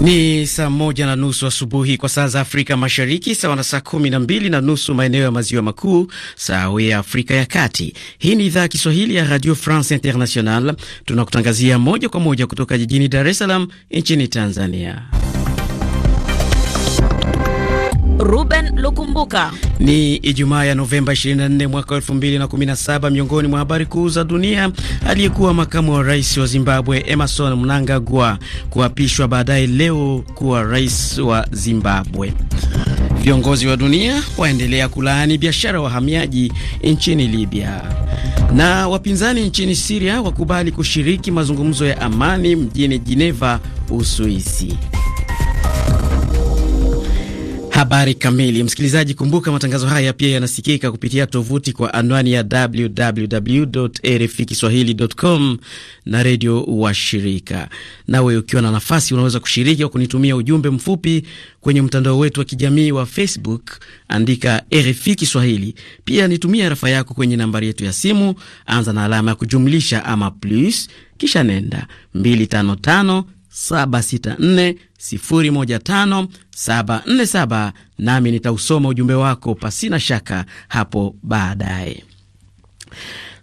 Ni saa moja na nusu asubuhi kwa saa za Afrika Mashariki, sawa na saa kumi na mbili na nusu maeneo ya maziwa makuu, we ya Afrika ya Kati. Hii ni idhaa ya Kiswahili ya Radio France International, tunakutangazia moja kwa moja kutoka jijini Dar es Salaam nchini Tanzania. Ruben Lukumbuka. Ni Ijumaa ya Novemba 24 mwaka 2017. Miongoni mwa habari kuu za dunia, aliyekuwa makamu wa rais wa Zimbabwe Emerson Mnangagwa kuapishwa baadaye leo kuwa rais wa Zimbabwe. Viongozi wa dunia waendelea kulaani biashara wahamiaji nchini Libya, na wapinzani nchini Siria wakubali kushiriki mazungumzo ya amani mjini Geneva, Uswisi habari kamili. Msikilizaji, kumbuka matangazo haya pia yanasikika kupitia tovuti kwa anwani ya kiswahilicom na redio wa shirika. Nawe ukiwa na nafasi, unaweza kushiriki au kunitumia ujumbe mfupi kwenye mtandao wetu wa kijamii wa Facebook, andika RFI Kiswahili. Pia nitumia rafa yako kwenye nambari yetu ya simu, anza na alama ya kujumlisha ama plus, kisha nenda 255 764 nami nitausoma ujumbe wako pasina shaka hapo baadaye.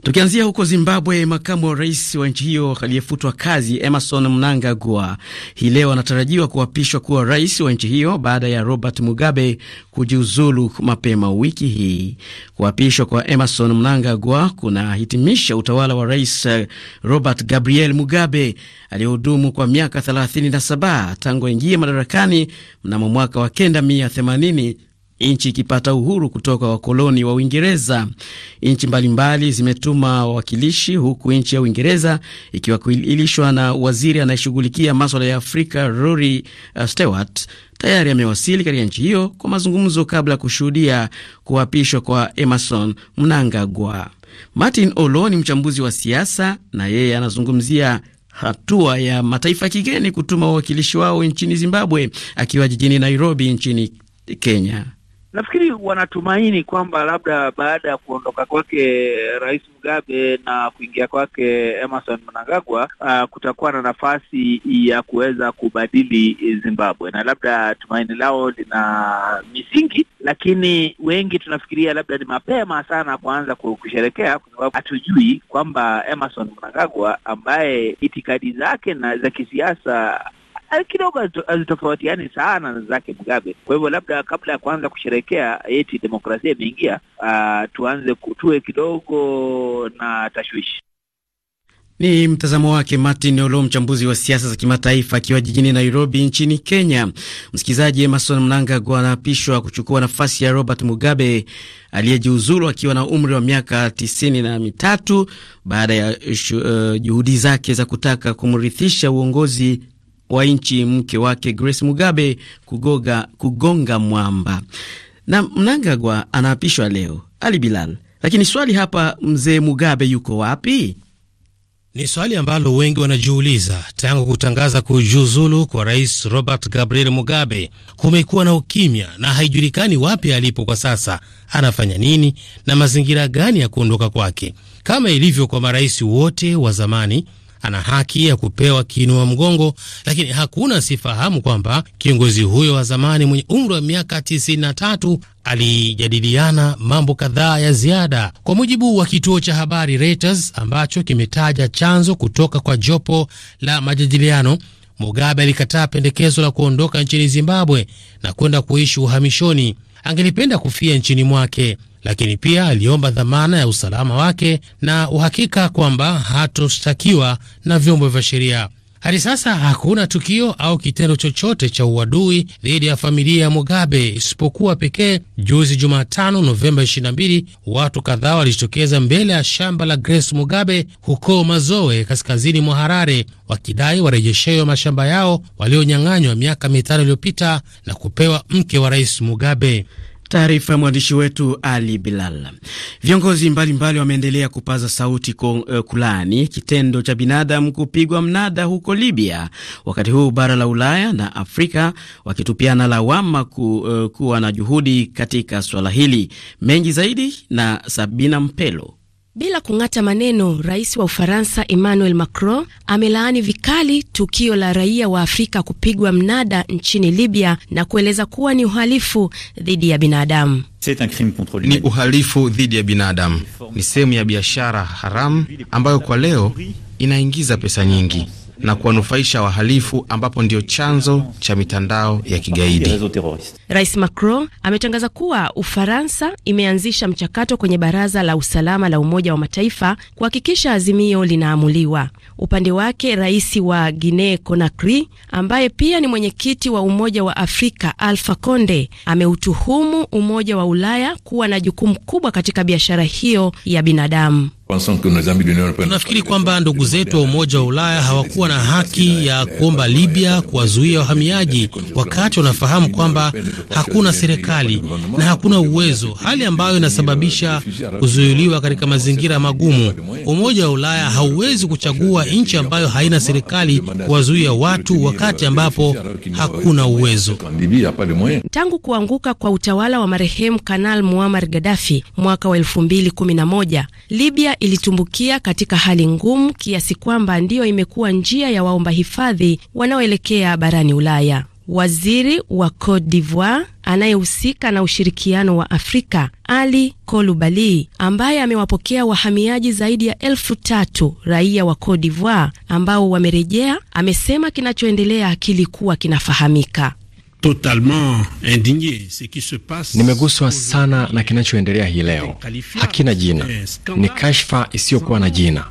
Tukianzia huko Zimbabwe, makamu wa rais wa nchi hiyo aliyefutwa kazi Emerson Mnangagwa hii leo anatarajiwa kuapishwa kuwa rais wa nchi hiyo baada ya Robert Mugabe kujiuzulu mapema wiki hii. Kuapishwa kwa Emerson Mnangagwa kunahitimisha utawala wa rais Robert Gabriel Mugabe aliyehudumu kwa miaka 37 tangu aingie madarakani mnamo mwaka wa 1980 nchi ikipata uhuru kutoka wakoloni wa Uingereza. Nchi mbalimbali zimetuma wawakilishi, huku nchi ya Uingereza ikiwakilishwa na waziri anayeshughulikia maswala ya Afrika Rory uh, Stewart tayari amewasili katika nchi hiyo kwa mazungumzo kabla ya kushuhudia kuapishwa kwa Emerson Mnangagwa. Martin Olo ni mchambuzi wa siasa na yeye anazungumzia hatua ya mataifa ya kigeni kutuma wawakilishi wao nchini Zimbabwe, akiwa jijini Nairobi nchini Kenya. Nafikiri wanatumaini kwamba labda baada ya kuondoka kwake Rais Mugabe na kuingia kwake Emerson Mnangagwa, uh, kutakuwa na nafasi ya kuweza kubadili Zimbabwe, na labda tumaini lao lina misingi, lakini wengi tunafikiria labda ni mapema sana kuanza kusherekea, kwa sababu hatujui kwamba Emerson Mnangagwa ambaye itikadi zake na za kisiasa kidogo hazitofautiani sana na zake Mugabe. Kwa hivyo labda kabla ya kuanza kusherehekea eti demokrasia imeingia, ah, tuanze kutue kidogo na tashwishi. Ni mtazamo wake Martin Olo, mchambuzi wa siasa za kimataifa akiwa jijini Nairobi nchini Kenya. Msikilizaji, Emerson Mnangagwa anaapishwa kuchukua nafasi ya Robert Mugabe aliyejiuzulu akiwa na umri wa miaka tisini na mitatu baada ya uh, juhudi zake za kutaka kumrithisha uongozi wa nchi mke wake Grace Mugabe kugoga, kugonga mwamba. Na Mnangagwa anaapishwa leo Ali Bilal, lakini swali hapa, mzee Mugabe yuko wapi? Ni swali ambalo wengi wanajiuliza. Tangu kutangaza kujiuzulu kwa rais Robert Gabriel Mugabe, kumekuwa na ukimya na haijulikani wapi alipo kwa sasa, anafanya nini na mazingira gani ya kuondoka kwake. Kama ilivyo kwa marais wote wa zamani, ana haki ya kupewa kiinua mgongo, lakini hakuna sifahamu kwamba kiongozi huyo wa zamani mwenye umri wa miaka 93 alijadiliana mambo kadhaa ya ziada. Kwa mujibu wa kituo cha habari Reuters ambacho kimetaja chanzo kutoka kwa jopo la majadiliano, Mugabe alikataa pendekezo la kuondoka nchini Zimbabwe na kwenda kuishi uhamishoni. Angelipenda kufia nchini mwake lakini pia aliomba dhamana ya usalama wake na uhakika kwamba hatoshtakiwa na vyombo vya sheria. Hadi sasa hakuna tukio au kitendo chochote cha uadui dhidi ya familia ya Mugabe isipokuwa pekee juzi Jumatano, Novemba 22, watu kadhaa walijitokeza mbele ya shamba la Grace Mugabe huko Mazoe, kaskazini mwa Harare, wakidai warejeshewe mashamba yao walionyang'anywa miaka mitano iliyopita na kupewa mke wa Rais Mugabe. Taarifa ya mwandishi wetu Ali Bilal. Viongozi mbalimbali wameendelea kupaza sauti eh, kulaani kitendo cha binadamu kupigwa mnada huko Libya, wakati huu bara la Ulaya na Afrika wakitupiana lawama ku, uh, kuwa na juhudi katika swala hili. Mengi zaidi na Sabina Mpelo. Bila kung'ata maneno, rais wa Ufaransa Emmanuel Macron amelaani vikali tukio la raia wa Afrika kupigwa mnada nchini Libya na kueleza kuwa ni uhalifu dhidi ya binadamu. Ni uhalifu dhidi ya binadamu, ni sehemu ya biashara haramu ambayo kwa leo inaingiza pesa nyingi na kuwanufaisha wahalifu, ambapo ndio chanzo cha mitandao ya kigaidi. Rais Macron ametangaza kuwa Ufaransa imeanzisha mchakato kwenye Baraza la Usalama la Umoja wa Mataifa kuhakikisha azimio linaamuliwa. Upande wake rais wa Guinea Conakry ambaye pia ni mwenyekiti wa Umoja wa Afrika Alpha Conde ameutuhumu Umoja wa Ulaya kuwa na jukumu kubwa katika biashara hiyo ya binadamu. Tunafikiri kwamba ndugu zetu wa Umoja wa Ulaya hawakuwa na haki ya kuomba Libya kuwazuia wahamiaji wakati wanafahamu kwamba hakuna serikali na hakuna uwezo, hali ambayo inasababisha kuzuiliwa katika mazingira magumu. Umoja wa Ulaya hauwezi kuchagua nchi ambayo haina serikali kuwazuia watu wakati ambapo hakuna uwezo. Tangu kuanguka kwa utawala wa marehemu Kanal Muammar Gaddafi mwaka wa 2011, Libya ilitumbukia katika hali ngumu kiasi kwamba ndiyo imekuwa njia ya waomba hifadhi wanaoelekea barani Ulaya. Waziri wa Cote d'Ivoire anayehusika na ushirikiano wa Afrika Ali Kolubali, ambaye amewapokea wahamiaji zaidi ya elfu tatu raia wa Cote d'Ivoire ambao wamerejea, amesema kinachoendelea kilikuwa kinafahamika. Nimeguswa sana na kinachoendelea hii leo. Hakina jina, eh, ni kashfa isiyokuwa na jina,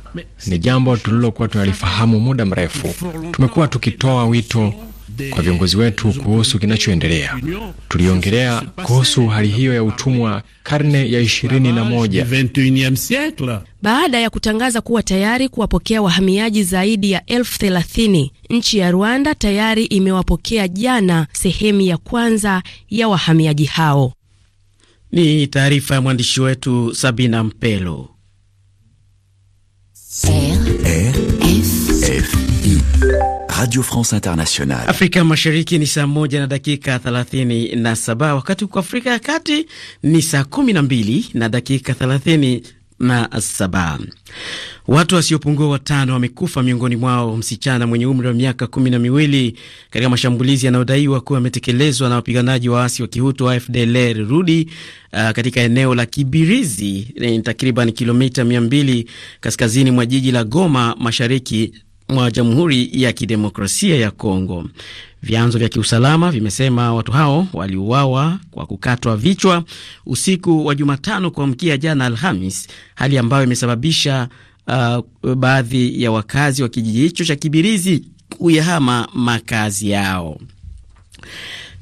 ni jambo tulilokuwa tunalifahamu muda mrefu. Tumekuwa tukitoa wito kwa viongozi wetu kuhusu kinachoendelea. Tuliongelea kuhusu hali hiyo ya utumwa karne ya ishirini na moja. Baada ya kutangaza kuwa tayari kuwapokea wahamiaji zaidi ya elfu thelathini, nchi ya Rwanda tayari imewapokea jana sehemu ya kwanza ya wahamiaji hao. Ni taarifa ya mwandishi wetu Sabina Mpelo. Radio France Internationale. Afrika Mashariki ni saa moja na dakika 37, wakati kwa Afrika ya Kati ni saa 12 na dakika saba. Watu wasiopungua watano wamekufa miongoni mwao msichana mwenye umri wa miaka kumi na miwili katika mashambulizi yanayodaiwa kuwa yametekelezwa na wapiganaji waasi wa Kihutu wa FDLR Rudi uh, katika eneo la Kibirizi takriban kilomita mbili kaskazini mwa jiji la Goma mashariki mwa Jamhuri ya Kidemokrasia ya Kongo. Vyanzo vya kiusalama vimesema watu hao waliuawa kwa kukatwa vichwa usiku wa Jumatano kuamkia jana Alhamis, hali ambayo imesababisha uh, baadhi ya wakazi wa kijiji hicho cha Kibirizi kuyahama makazi yao.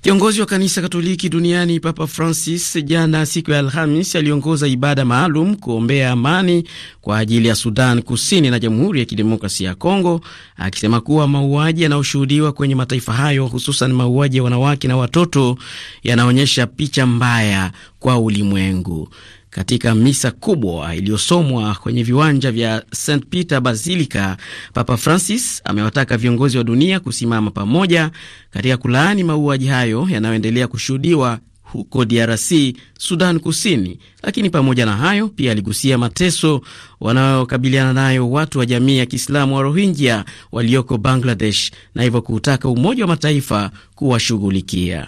Kiongozi wa kanisa Katoliki duniani Papa Francis jana siku ya Alhamis aliongoza ibada maalum kuombea amani kwa ajili ya Sudan Kusini na Jamhuri ya Kidemokrasia ya Kongo, akisema kuwa mauaji yanayoshuhudiwa kwenye mataifa hayo, hususan mauaji ya wanawake na watoto, yanaonyesha picha mbaya kwa ulimwengu. Katika misa kubwa iliyosomwa kwenye viwanja vya St Peter Basilica, Papa Francis amewataka viongozi wa dunia kusimama pamoja katika kulaani mauaji hayo yanayoendelea kushuhudiwa huko DRC, Sudan Kusini. Lakini pamoja na hayo, pia aligusia mateso wanayokabiliana nayo watu wa jamii ya Kiislamu wa Rohingya walioko Bangladesh, na hivyo kuutaka Umoja wa Mataifa kuwashughulikia.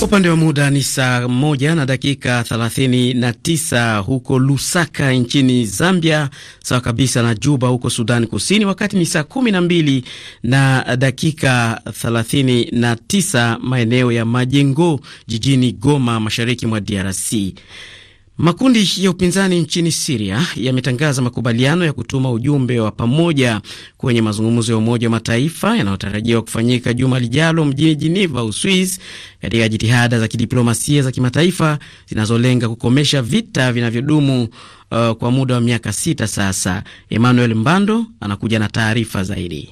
kwa Upande wa muda ni saa moja na dakika tisa huko Lusaka nchini Zambia, sawa kabisa na Juba huko Sudani Kusini, wakati ni saa kumi na mbili na dakika tisa maeneo ya Majengo jijini Goma, mashariki mwa DRC. Makundi ya upinzani nchini Siria yametangaza makubaliano ya kutuma ujumbe wa pamoja kwenye mazungumzo ya Umoja wa Mataifa yanayotarajiwa kufanyika juma lijalo mjini jiniva Uswis, katika jitihada za kidiplomasia za kimataifa zinazolenga kukomesha vita vinavyodumu uh, kwa muda wa miaka sita sasa. Emmanuel Mbando anakuja na taarifa zaidi.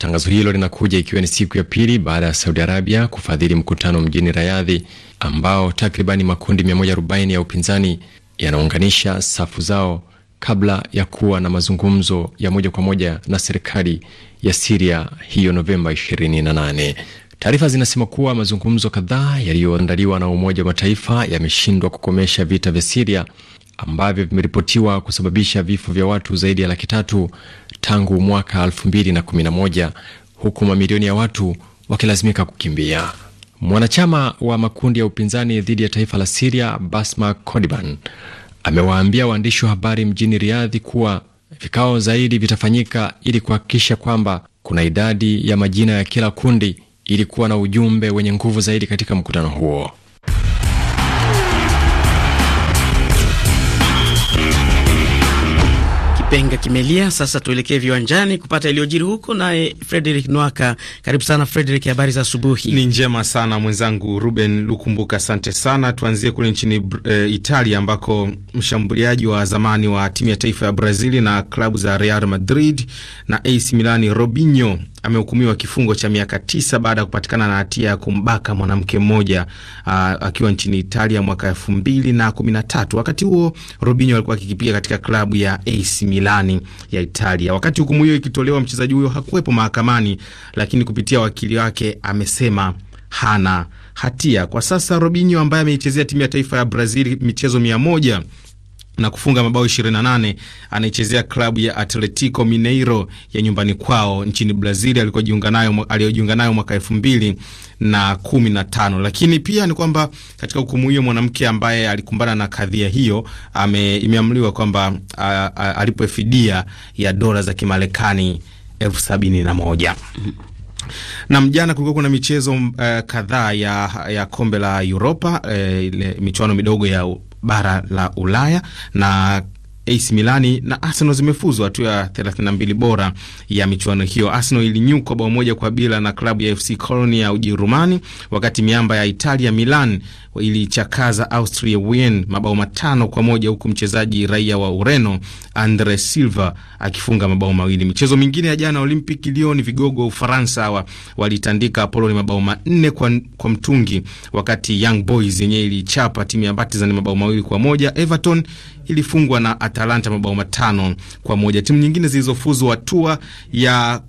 Tangazo hilo linakuja ikiwa ni siku ya pili baada ya Saudi Arabia kufadhili mkutano mjini rayadhi ambao takribani makundi 140 ya upinzani yanaunganisha safu zao kabla ya kuwa na mazungumzo ya moja kwa moja na serikali ya Siria hiyo Novemba 28. Taarifa zinasema kuwa mazungumzo kadhaa yaliyoandaliwa na Umoja wa Mataifa yameshindwa kukomesha vita vya Siria ambavyo vimeripotiwa kusababisha vifo vya watu zaidi ya laki tatu tangu mwaka 2011 huku mamilioni ya watu wakilazimika kukimbia. Mwanachama wa makundi ya upinzani dhidi ya taifa la Siria, Basma Kodiban, amewaambia waandishi wa habari mjini Riadhi kuwa vikao zaidi vitafanyika ili kuhakikisha kwamba kuna idadi ya majina ya kila kundi ili kuwa na ujumbe wenye nguvu zaidi katika mkutano huo. kipenga kimelia. Sasa tuelekee viwanjani kupata iliyojiri huko, naye Frederick Nwaka. Karibu sana Frederick, habari za asubuhi? Ni njema sana mwenzangu Ruben Lukumbuka, asante sana. Tuanzie kule nchini e, Italia ambako mshambuliaji wa zamani wa timu ya taifa ya Brazil na klabu za Real Madrid na AC Milani Robinho amehukumiwa kifungo cha miaka tisa baada ya kupatikana na hatia ya kumbaka mwanamke mmoja akiwa nchini Italia mwaka elfu mbili na kumi na tatu. Wakati huo Robinho alikuwa akikipiga katika klabu ya AC Milani ya Italia. Wakati hukumu hiyo ikitolewa, mchezaji huyo hakuwepo mahakamani, lakini kupitia wakili wake amesema hana hatia. Kwa sasa Robinho ambaye ameichezea timu ya taifa ya Brazil michezo mia moja na kufunga mabao 28. Anaichezea klabu ya Atletico Mineiro ya nyumbani kwao nchini Brazil alikojiunga nayo aliyojiunga nayo mwaka 2000 na Lakini pia ni kwamba katika hukumu hiyo mwanamke ambaye alikumbana na kadhia hiyo ame, imeamliwa kwamba alipwe fidia ya dola za Kimarekani elfu sabini na moja. Na mjana kulikuwa kuna michezo uh, kadhaa ya, ya kombe la Europa uh, ile michuano midogo ya bara la Ulaya na AC Milani na Arsenal zimefuzwa hatua ya 32 bora ya michuano hiyo. Arsenal ilinyukwa bao moja kwa bila na klabu ya FC Colony ya Ujerumani, wakati miamba ya Italia Milan ilichakaza Austria Wien mabao matano kwa moja huku mchezaji raia wa Ureno Andre Silva akifunga mabao mawili. Michezo mingine ya jana Olympic Lyon, vigogo wa Ufaransa hawa walitandika Apoloni mabao manne kwa, kwa mtungi, wakati Young Boys yenyewe ilichapa timu ya Partizan mabao mawili kwa moja. Everton ilifungwa na Atalanta mabao matano kwa moja. Timu nyingine zilizofuzwa hatua ya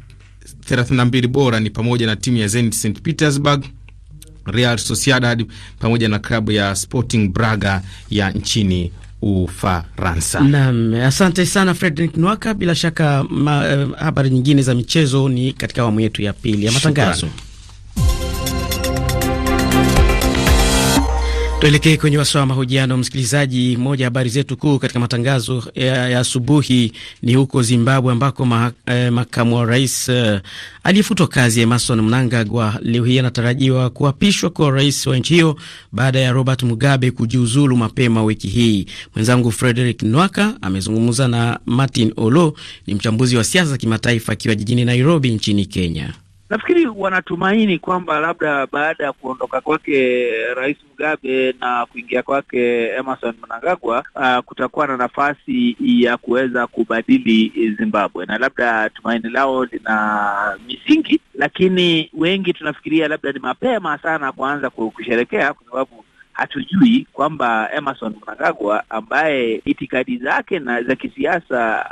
32 bora ni pamoja na timu ya Zenit St Petersburg, Real Sociedad pamoja na klabu ya Sporting Braga ya nchini Ufaransa. Naam, asante sana fredrick Nwaka. Bila shaka ma, eh, habari nyingine za michezo ni katika awamu yetu ya pili ya matangazo. Shukran. Tuelekee kwenye wasaa wa mahojiano, msikilizaji. Moja ya habari zetu kuu katika matangazo ya asubuhi ni huko Zimbabwe ambako ma, eh, makamu wa rais eh, aliyefutwa kazi Emerson Mnangagwa leo hii anatarajiwa kuapishwa kwa rais wa nchi hiyo baada ya Robert Mugabe kujiuzulu mapema wiki hii. Mwenzangu Frederick Nwaka amezungumza na Martin Olo, ni mchambuzi wa siasa za kimataifa akiwa jijini Nairobi nchini Kenya. Nafikiri wanatumaini kwamba labda baada ya kuondoka kwake Rais Mugabe na kuingia kwake Emerson Mnangagwa, uh, kutakuwa na nafasi ya kuweza kubadili Zimbabwe, na labda tumaini lao lina misingi, lakini wengi tunafikiria labda ni mapema sana kuanza kusherekea kwa sababu hatujui kwamba Emerson Mnangagwa ambaye itikadi zake na za kisiasa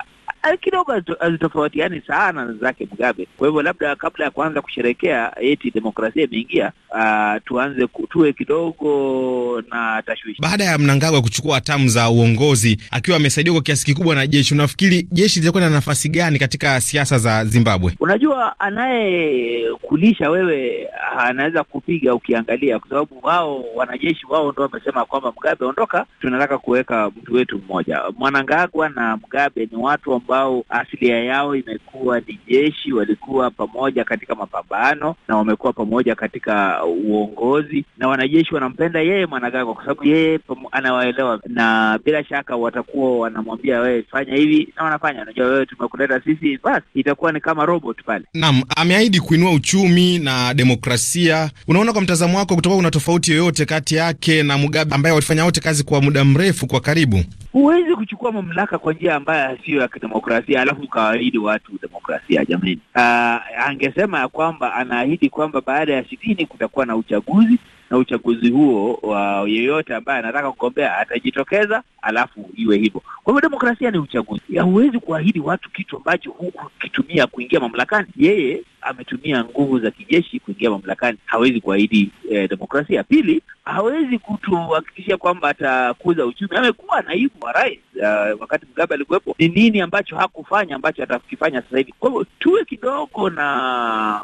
kidogo hazitofautiani sana na zake mgabe Kwa hivyo labda kabla ya kuanza kusherekea eti demokrasia imeingia, ah, tuanze tuwe kidogo na tashwishi. Baada ya Mnangagwa kuchukua hatamu za uongozi akiwa amesaidiwa kwa kiasi kikubwa na jeshi, unafikiri jeshi litakuwa na nafasi gani katika siasa za Zimbabwe? Unajua, anayekulisha wewe anaweza kupiga ukiangalia, kwa sababu wao wanajeshi wao ndo wamesema kwamba mgabe ondoka, tunataka kuweka mtu wetu mmoja. mwanangagwa na mgabe ni watu wa ambao asilia yao imekuwa ni jeshi, walikuwa pamoja katika mapambano na wamekuwa pamoja katika uongozi, na wanajeshi wanampenda yeye Mnangagwa kwa sababu yeye anawaelewa, na bila shaka watakuwa wanamwambia wewe fanya hivi na wanafanya. Unajua wewe tumekuleta sisi, basi itakuwa ni kama robot pale. Naam, ameahidi kuinua uchumi na demokrasia. Unaona, kwa mtazamo wako, kutoka kuna tofauti yoyote kati yake na Mugabe ambaye walifanya wote kazi kwa muda mrefu kwa karibu? huwezi kuchukua mamlaka kwa njia ambayo siyo ya kidemokrasia, alafu ukawaahidi watu demokrasia. Jamani, ah, angesema ya kwamba anaahidi kwamba baada ya sitini kutakuwa na uchaguzi na uchaguzi huo wa yeyote ambaye anataka kugombea atajitokeza, alafu iwe hivyo. Kwa hivyo demokrasia ni uchaguzi. Huwezi kuahidi watu kitu ambacho hukukitumia kuingia mamlakani. Yeye ametumia nguvu za kijeshi kuingia mamlakani, hawezi kuahidi e, demokrasia. Pili, hawezi kutuhakikishia kwamba atakuza uchumi. Amekuwa naibu wa rais uh, wakati Mugabe alikuwepo. Ni nini ambacho hakufanya ambacho atakifanya sasa hivi? Kwa hivyo tuwe kidogo na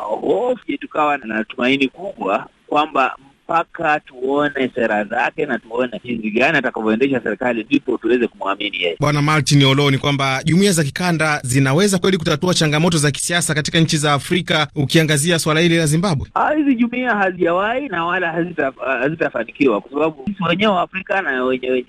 hofu, tukawa na tumaini kubwa kwamba mpaka tuone sera zake na tuone jinsi gani atakavyoendesha serikali, ndipo tuweze kumwamini yeye. Bwana Martin Olo, ni kwamba jumuiya za kikanda zinaweza kweli kutatua changamoto za kisiasa katika nchi za Afrika, ukiangazia swala hili la Zimbabwe? Ah, hizi jumuiya hazijawahi na wala ah, hazitafanikiwa, kwa sababu sisi wenyewe wa afrika na wenyewe,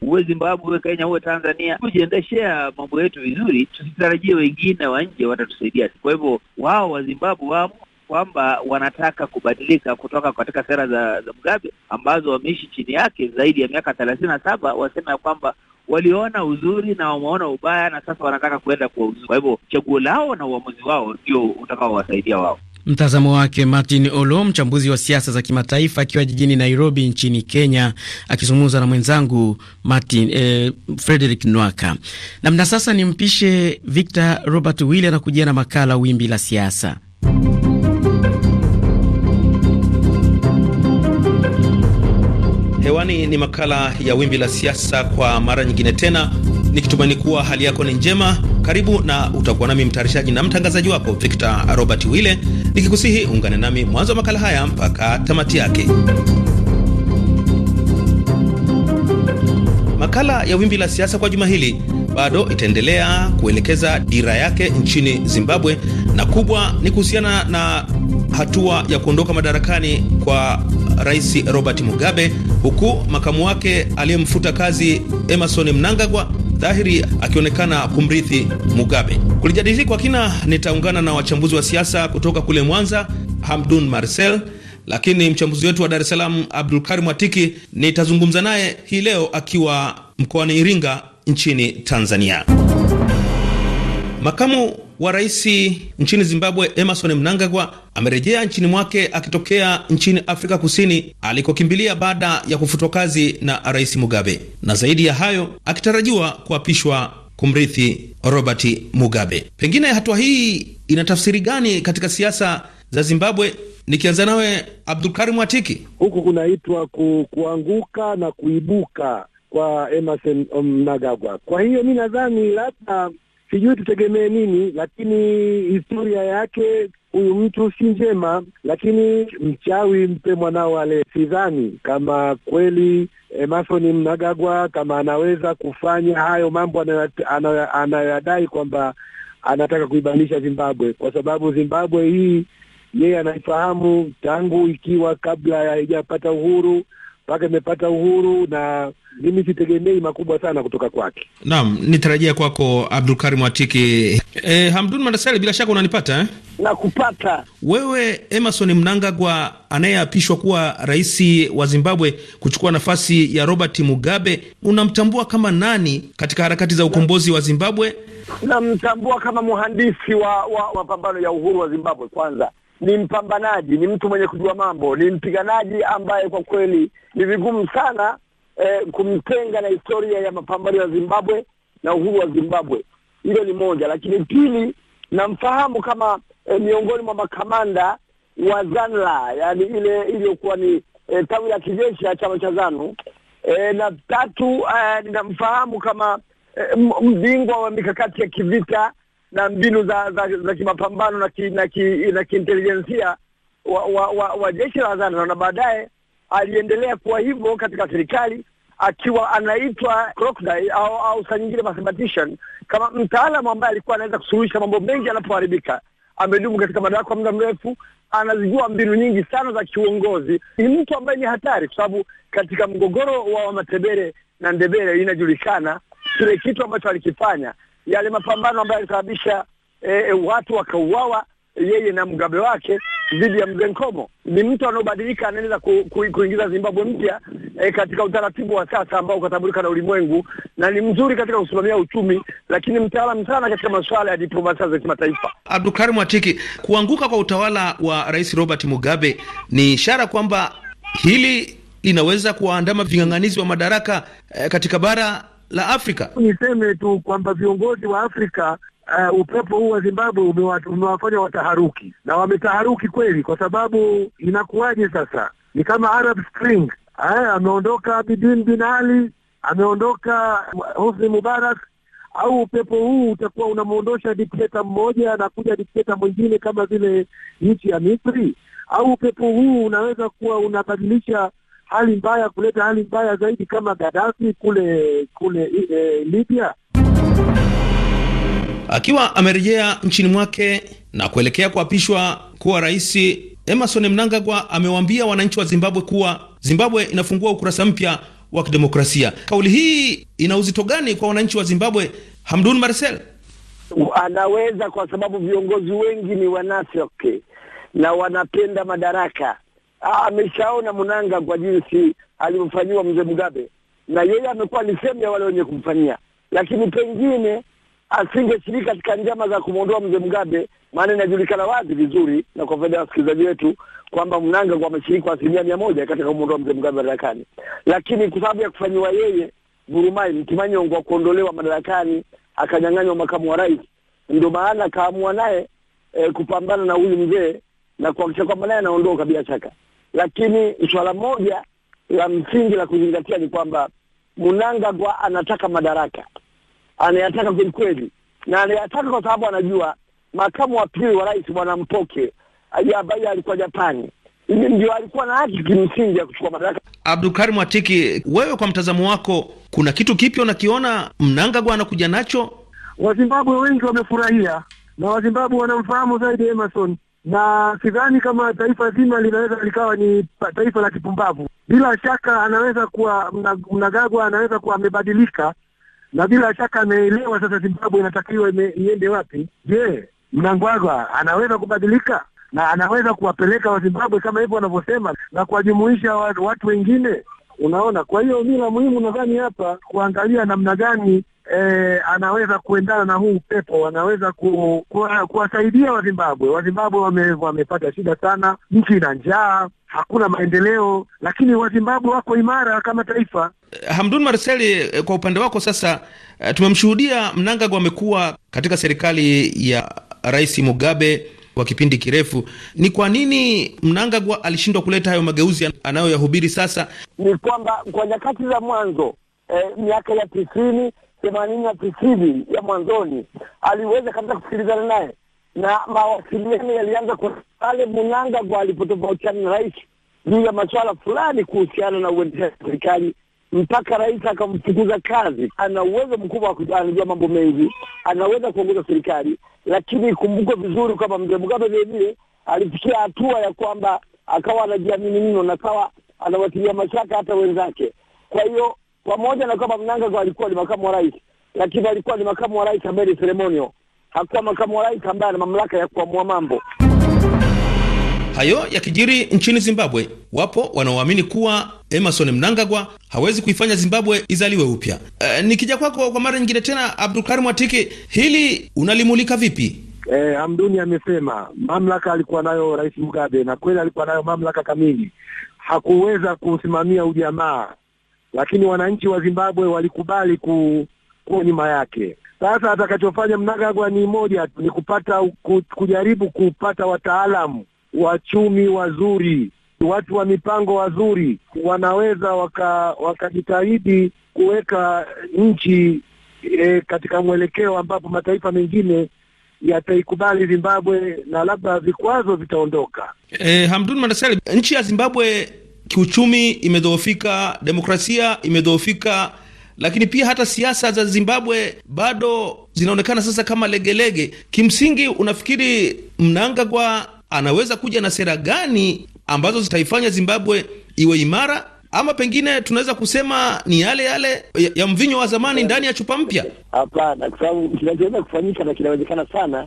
uwe Zimbabwe, uwe Kenya, uwe Tanzania, tujiendeshea mambo yetu vizuri, tusitarajie wengine wa nje watatusaidia. Kwa hivyo wao wa Zimbabwe wamo kwamba wanataka kubadilika kutoka katika sera za, za Mugabe ambazo wameishi chini yake zaidi ya miaka thelathini na saba, wasema ya kwamba waliona uzuri na wameona ubaya na sasa wanataka kuenda kwa uzuri. Kwa hivyo chaguo lao na uamuzi wao ndio utakaowasaidia wao. Mtazamo wake Martin Olo, mchambuzi wa siasa za kimataifa, akiwa jijini Nairobi nchini Kenya, akizungumza na mwenzangu Martin eh, Frederick Nwaka. Namna sasa nimpishe Victor Robert Wille anakujia na makala Wimbi la Siasa. Hewani ni makala ya Wimbi la Siasa kwa mara nyingine tena, nikitumaini kuwa hali yako ni njema. Karibu na utakuwa nami mtayarishaji na mtangazaji wako Victor Robert Wille, nikikusihi ungane nami mwanzo wa makala haya mpaka tamati yake. Makala ya Wimbi la Siasa kwa juma hili bado itaendelea kuelekeza dira yake nchini Zimbabwe, na kubwa ni kuhusiana na hatua ya kuondoka madarakani kwa Rais Robert Mugabe, huku makamu wake aliyemfuta kazi Emerson Mnangagwa dhahiri akionekana kumrithi Mugabe. Kulijadili kwa kina, nitaungana na wachambuzi wa siasa kutoka kule Mwanza, Hamdun Marcel, lakini mchambuzi wetu wa Dar es Salaam Karim Watiki nitazungumza naye hii leo akiwa mkoani Iringa nchini Tanzania. Makamu wa rais nchini Zimbabwe Emerson Mnangagwa amerejea nchini mwake akitokea nchini Afrika Kusini alikokimbilia baada ya kufutwa kazi na Rais Mugabe, na zaidi ya hayo akitarajiwa kuapishwa kumrithi Robert Mugabe. Pengine hatua hii ina tafsiri gani katika siasa za Zimbabwe? Nikianza nawe Abdulkarim Mwatiki, huku kunaitwa ku, kuanguka na kuibuka kwa Emerson Mnangagwa. Kwa hiyo mi nadhani labda sijui tutegemee nini, lakini historia yake huyu mtu si njema, lakini mchawi mpe mwanao ale, Sidhani kama kweli Emerson eh, Mnagagwa kama anaweza kufanya hayo mambo anayoyadai kwamba anataka kuibanisha Zimbabwe, kwa sababu Zimbabwe hii yeye anaifahamu tangu ikiwa kabla haijapata uhuru mpaka imepata uhuru, na mimi sitegemei makubwa sana kutoka kwake. Naam, nitarajia kwako Karim Watiki. E, eh, Hamdun Mandasali, bila shaka unanipata eh? Nakupata wewe. Emerson Mnangagwa anayeapishwa kuwa rais wa Zimbabwe kuchukua nafasi ya Robert Mugabe, unamtambua kama nani katika harakati za ukombozi wa Zimbabwe? Namtambua kama mhandisi wa, wa mapambano ya uhuru wa Zimbabwe kwanza ni mpambanaji, ni mtu mwenye kujua mambo, ni mpiganaji ambaye kwa kweli ni vigumu sana eh, kumtenga na historia ya mapambano ya Zimbabwe na uhuru wa Zimbabwe. Hilo ni moja, lakini pili, namfahamu kama eh, miongoni mwa makamanda wa Zanla, yani ile iliyokuwa ni eh, tawi la kijeshi ya chama cha Zanu eh, na tatu eh, namfahamu kama eh, mbingwa wa mikakati ya kivita na mbinu za za, za kimapambano na ki, na ki, na kiintelijensia wa, wa, wa, wa jeshi la Zanzibar, na baadaye aliendelea kuwa hivyo katika serikali akiwa anaitwa crocodile au, au saa nyingine mathematician, kama mtaalamu ambaye alikuwa anaweza kusuluhisha mambo mengi yanapoharibika. Amedumu katika madaraka kwa muda mrefu, anazijua mbinu nyingi sana za kiuongozi. Ni mtu ambaye ni hatari, kwa sababu katika mgogoro wa Wamatebele na Ndebele inajulikana kile kitu ambacho alikifanya yale mapambano ambayo yalisababisha e, watu wakauawa, yeye na mgabe wake dhidi ya mzee Nkomo. Ni mtu anaobadilika, anaendelea ku, ku, kuingiza Zimbabwe mpya e, katika utaratibu wa sasa ambao ukatambulika na ulimwengu, na ni mzuri katika kusimamia uchumi, lakini mtaalam sana katika masuala ya diplomasia za kimataifa. Abdulkarim mwatiki kuanguka kwa utawala wa Rais Robert Mugabe ni ishara kwamba hili linaweza kuwaandama ving'ang'anizi wa madaraka e, katika bara la Afrika. Niseme tu kwamba viongozi wa Afrika Uh, upepo huu wa Zimbabwe umewafanya wataharuki na wametaharuki kweli, kwa sababu inakuwaje sasa? Ni kama Arab Spring. ameondoka Bidin Bin Ali, ameondoka Hosni Mubarak, au upepo huu utakuwa unamwondosha dikteta mmoja anakuja dikteta mwingine kama vile nchi ya Misri, au upepo huu unaweza kuwa unabadilisha hali mbaya, kuleta hali mbaya zaidi kama Gaddafi kule kule e, Libya. Akiwa amerejea nchini mwake na kuelekea kuapishwa kuwa rais, Emerson Mnangagwa amewaambia wananchi wa Zimbabwe kuwa Zimbabwe inafungua ukurasa mpya wa kidemokrasia. Kauli hii ina uzito gani kwa wananchi wa Zimbabwe? Hamdun Marcel anaweza, kwa sababu viongozi wengi ni wanafiki na wanapenda madaraka Ah, ameshaona Mnanga kwa jinsi alivyofanyiwa mzee Mugabe, na yeye amekuwa ni sehemu ya wale wenye kumfanyia, lakini pengine asingeshiriki katika njama za kumwondoa mzee Mugabe, maana inajulikana wazi vizuri na kwa faida ya wasikilizaji wetu kwamba Mnanga kwa ameshiriki kwa asilimia mia moja katika kumwondoa mzee Mugabe madarakani, lakini kwa sababu ya kufanyiwa yeye Burumai Mtimanyongo wa kuondolewa madarakani akanyang'anywa makamu wa rais, ndio maana akaamua naye e, kupambana na huyu mzee na kuhakikisha kwamba naye anaondoka bila shaka lakini swala moja la msingi la kuzingatia ni kwamba Mnangagwa anataka madaraka, anayataka kwelikweli, na anayataka kwa sababu anajua makamu wa pili wa rais bwana Mpoke ambaye alikuwa Japani ndio alikuwa na haki kimsingi ya kuchukua madaraka. Abdulkarim Atiki, wewe kwa mtazamo wako, kuna kitu kipya unakiona Mnangagwa anakuja nacho? Wazimbabwe wengi wamefurahia na Wazimbabwe wanamfahamu zaidi Emerson na sidhani kama taifa zima linaweza likawa ni taifa la kipumbavu. Bila shaka anaweza kuwa Mnagagwa anaweza kuwa amebadilika, na bila shaka ameelewa sasa Zimbabwe inatakiwa iende wapi. Je, Mnangagwa anaweza kubadilika na anaweza kuwapeleka Wazimbabwe kama hivyo wanavyosema na kuwajumuisha watu wengine? Unaona, kwa hiyo mi la muhimu nadhani hapa kuangalia namna gani eh, anaweza kuendana na huu upepo, anaweza ku, kuwasaidia Wazimbabwe. Wazimbabwe wame, wamepata shida sana, nchi ina njaa, hakuna maendeleo, lakini Wazimbabwe wako imara kama taifa. Hamdun Marseli, kwa upande wako sasa, eh, tumemshuhudia Mnangagwa amekuwa katika serikali ya Rais Mugabe kwa kipindi kirefu. Ni kwa nini Mnangagwa alishindwa kuleta hayo mageuzi anayoyahubiri sasa? Ni kwamba kwa nyakati za mwanzo eh, miaka ya tisini themanini na tisini ya mwanzoni aliweza kabisa kusikilizana naye na mawasiliano yalianza kwa pale Mnangagwa alipotofautiana na rais juu ya masuala fulani kuhusiana na uendeshaji wa serikali mpaka rais akamfukuza kazi. Ana uwezo mkubwa, anajua mambo mengi, anaweza kuongoza serikali, lakini ikumbukwe vizuri kwamba mzee Mugabe vilevile alifikia hatua ya kwamba akawa anajiamini mno na akawa anawatilia mashaka hata wenzake. Kwa hiyo pamoja na kwamba Mnangagwa alikuwa ni makamu wa rais, lakini alikuwa ni makamu wa rais ambaye ni seremonio, hakuwa makamu wa rais ambaye ana mamlaka ya kuamua mambo hayo yakijiri nchini Zimbabwe, wapo wanaoamini kuwa Emerson Mnangagwa hawezi kuifanya Zimbabwe izaliwe upya. E, nikija kwako kwa mara nyingine tena, Abdulkarim Watiki, hili unalimulika vipi? E, Hamduni amesema mamlaka alikuwa nayo Rais Mugabe, na kweli alikuwa nayo mamlaka kamili, hakuweza kusimamia ujamaa lakini wananchi wa Zimbabwe walikubali ku, kuwa nyuma yake. Sasa atakachofanya Mnangagwa ni moja tu, ni kupata ku, kujaribu kupata wataalamu wachumi wazuri, watu wa mipango wazuri, wanaweza wakajitahidi waka kuweka nchi e, katika mwelekeo ambapo mataifa mengine yataikubali Zimbabwe na labda vikwazo vitaondoka. E, Hamdun Mandasali, nchi ya Zimbabwe kiuchumi imedhoofika, demokrasia imedhoofika, lakini pia hata siasa za Zimbabwe bado zinaonekana sasa kama legelege lege. Kimsingi, unafikiri Mnangagwa anaweza kuja na sera gani ambazo zitaifanya Zimbabwe iwe imara? Ama pengine tunaweza kusema ni yale yale ya mvinyo wa zamani ndani ya chupa mpya? Hapana, kwa sababu kinachoweza kufanyika na kinawezekana sana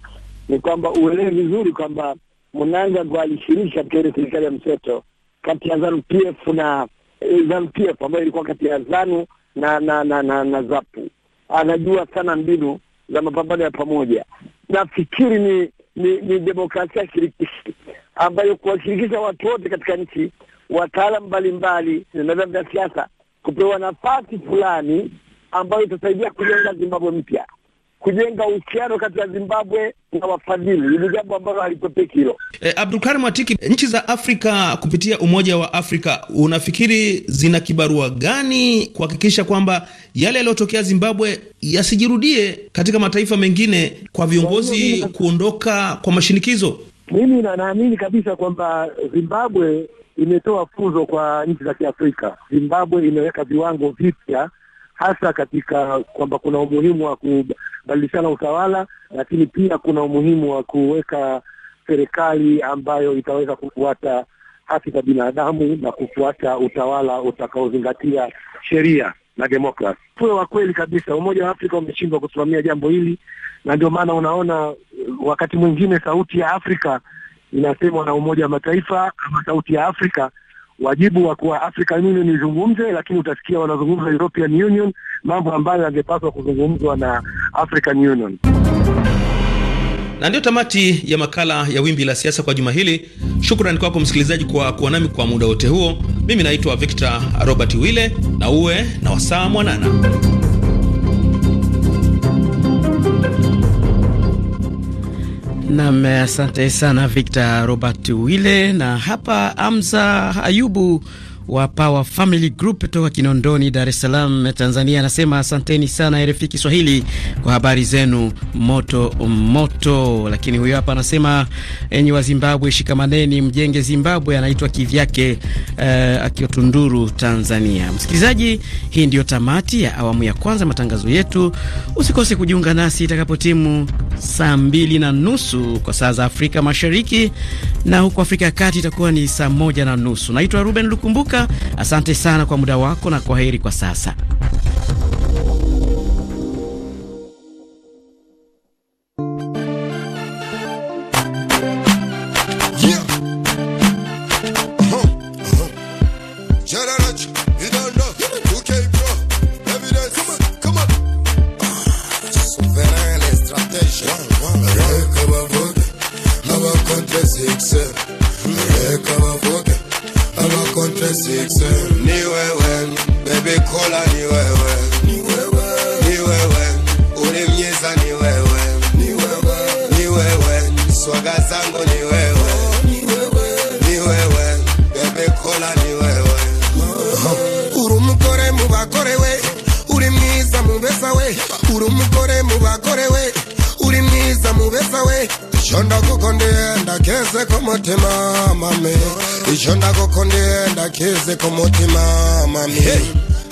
ni kwamba uelewe vizuri kwamba Mnangagwa alishiriki katika ile serikali ya mseto kati ya ZANU PF na e, ZANU PF ambayo ilikuwa kati ya ZANU na na na, na, na ZAPU. Anajua sana mbinu za mapambano ya pamoja. Nafikiri ni ni, ni demokrasia shirikishi ambayo kuwashirikisha watu wote katika nchi, wataalam mbalimbali na vyama vya siasa, kupewa nafasi fulani ambayo itasaidia kujenga Zimbabwe mpya kujenga uhusiano kati ya Zimbabwe na wafadhili ni jambo ambalo halipepeki hilo. E, Abdulkari Mwatiki, nchi za Afrika kupitia Umoja wa Afrika unafikiri zina kibarua gani kuhakikisha kwamba yale yaliyotokea Zimbabwe yasijirudie katika mataifa mengine kwa viongozi kuondoka kwa mashinikizo? Mimi naamini kabisa kwamba Zimbabwe imetoa funzo kwa nchi za Kiafrika. Zimbabwe imeweka viwango vipya hasa katika kwamba kuna umuhimu wa kubadilishana utawala, lakini pia kuna umuhimu wa kuweka serikali ambayo itaweza kufuata haki za binadamu na kufuata utawala utakaozingatia sheria na demokrasi. Tuwe wa kweli kabisa, Umoja wa Afrika umeshindwa kusimamia jambo hili, na ndio maana unaona uh, wakati mwingine sauti ya Afrika inasemwa na Umoja wa Mataifa ama sauti ya Afrika wajibu wa kuwa African Union izungumze, lakini utasikia wanazungumza European Union, mambo ambayo yangepaswa kuzungumzwa na African Union. Na ndiyo tamati ya makala ya Wimbi la Siasa kwa juma hili. Shukrani kwako msikilizaji kwa kuwa nami kwa muda wote huo. Mimi naitwa Victor Robert Wile, na uwe na wasaa mwanana. Nam, asante sana Victor Robert wille Na hapa Amza Ayubu wa Power Family Group toka Kinondoni, Dar es Salaam, Tanzania, anasema asanteni sana RFI Kiswahili kwa habari zenu moto moto. Lakini huyo hapa anasema enyi wa Zimbabwe, shikamaneni, mjenge Zimbabwe. Anaitwa kivyake uh, akiwa Tunduru, Tanzania. Msikilizaji, hii ndiyo tamati ya awamu ya kwanza matangazo yetu. Usikose kujiunga nasi itakapotimu saa mbili na nusu kwa saa za Afrika Mashariki, na huko Afrika ya Kati itakuwa ni saa moja na nusu. Naitwa Ruben Lukumbuka. Asante sana kwa muda wako na kwa heri kwa sasa. unyuze ku mutima mami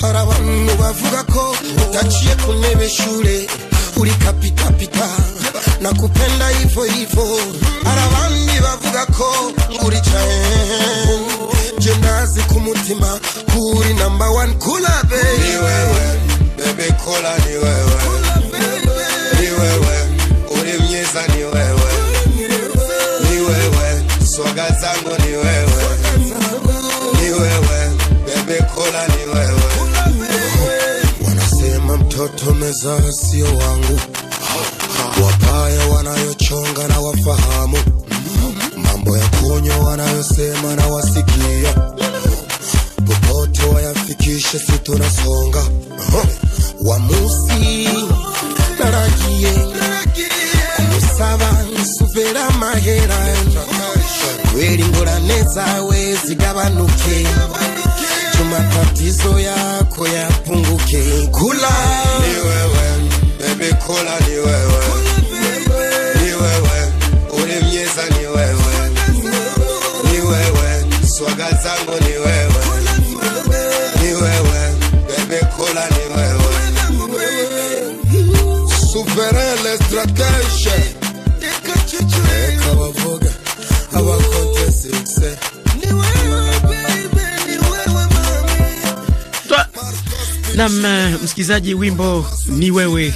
hari abantu bavuga ko utaciye ku ntebe shure uri kapitapita nakupenda ivo ivo hari abandi bavuga ko uri cae je ndazi ku mutima kuri namba wani kula ni wewe bebe kola ni wewe tumezaa sio wangu, wabaya wanayochonga na wafahamu, mambo ya kunywa wanayosema na wasikia, popote wayafikishe, si tunasonga wamusi naragie kumusaba nsuvera mahera kweli ngorane zawe zigabanuke yesu matatizo yako yapunguke. Kula ni wewe baby, kula ni wewe, ni wewe ulimnyeza, ni wewe swaga zangu, ni wewe Nam msikilizaji, wimbo ni wewe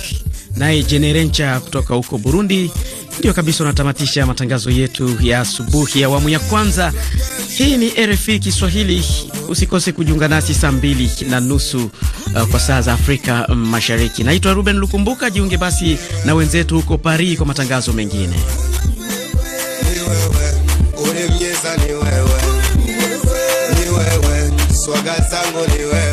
naye Jenerencha kutoka huko Burundi. Ndio kabisa, unatamatisha matangazo yetu ya asubuhi ya awamu ya kwanza. Hii ni RFI Kiswahili. Usikose kujiunga nasi saa mbili na nusu uh, kwa saa za Afrika Mashariki. Naitwa Ruben Lukumbuka. Jiunge basi na wenzetu huko Paris kwa matangazo mengine. Ni wewe, ni wewe,